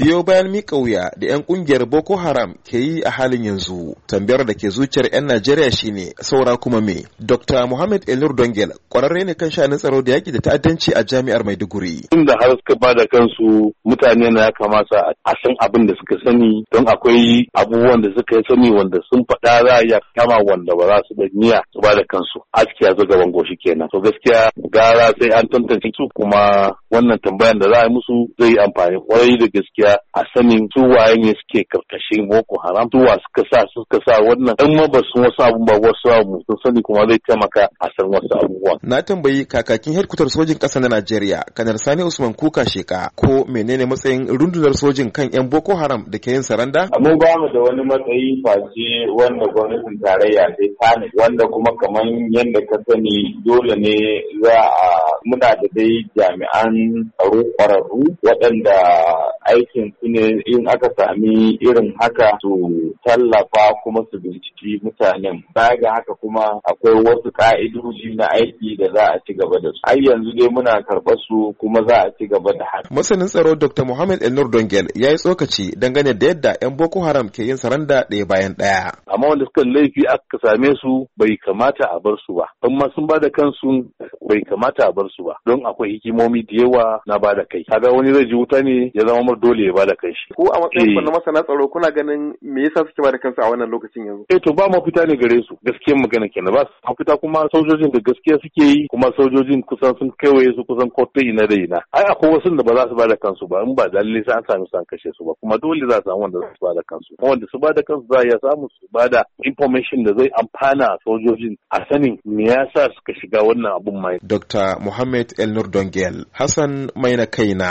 biyo bayan mika wuya da 'yan ƙungiyar boko haram ke yi a halin yanzu tambayar da ke zuciyar 'yan najeriya shine saura kuma me dr muhammad elnur dongel kwararre ne kan shanin tsaro da yaki da ta'addanci a jami'ar maiduguri inda har suka ba da kansu mutane na ya kamata a san abin da suka sani don akwai abubuwan da suka yi sani wanda sun faɗa za a iya kama wanda ba za su da niyya su ba da kansu a cikin gaban goshi kenan to gaskiya gara sai an tantance su kuma wannan tambayan da za a yi musu zai yi amfani kwarai da gaskiya a sanin su waye ne suke karkashin boko haram su wa suka sa suka sa wannan dan ma ba su wasu abun ba wasu abu sun sani kuma zai taimaka a san wasu abubuwa na tambayi kakakin hedkwatar sojin ƙasa na Najeriya kanar Sani Usman Kuka Sheka ko menene matsayin rundunar sojin kan yan boko haram da ke yin saranda mun ba mu da wani matsayi face wanda gwamnatin tarayya sai tani wanda kuma kamar yadda ka sani dole ne za a muna da dai jami'an tsaro ƙwararru waɗanda aikin su ne in aka sami irin haka su tallafa kuma su binciki mutanen baya ga haka kuma akwai wasu ka'idoji na aiki da za a ci gaba da su ai yanzu dai muna karɓar su kuma za a ci gaba da haka masanin tsaro dr muhammad elnur dongel ya yi tsokaci dangane da yadda yan boko haram ke yin saranda ɗaya bayan ɗaya amma wanda suka laifi aka same su bai kamata a bar su ba in ma sun bada kansu bai kamata a bar su ba don akwai hikimomi da yawa na bada kai kaga wani zai ji wuta ne ya zama dole ya bada kanshi. Ko a matsayin ku na eh. masana tsaro kuna ganin me yasa suke bada kansu a wannan lokacin yanzu? Eh to ba mafita ne gare su gaskiyar magana kenan ba su. mafita kuma sojojin da gaskiya suke yi kuma sojojin kusan sun kewaye su kusan kotu ina da ina. Ai akwai wasu da ba za su bada kansu ba in ba dalilin sai an sami su an kashe su ba kuma dole za su samu wanda za su bada kansu. Wanda su bada kansu za a samu su bada information da zai amfana sojojin a sanin me yasa suka shiga wannan abun mai. Dr. Muhammad El Nur Dongel Hassan Maina Kaina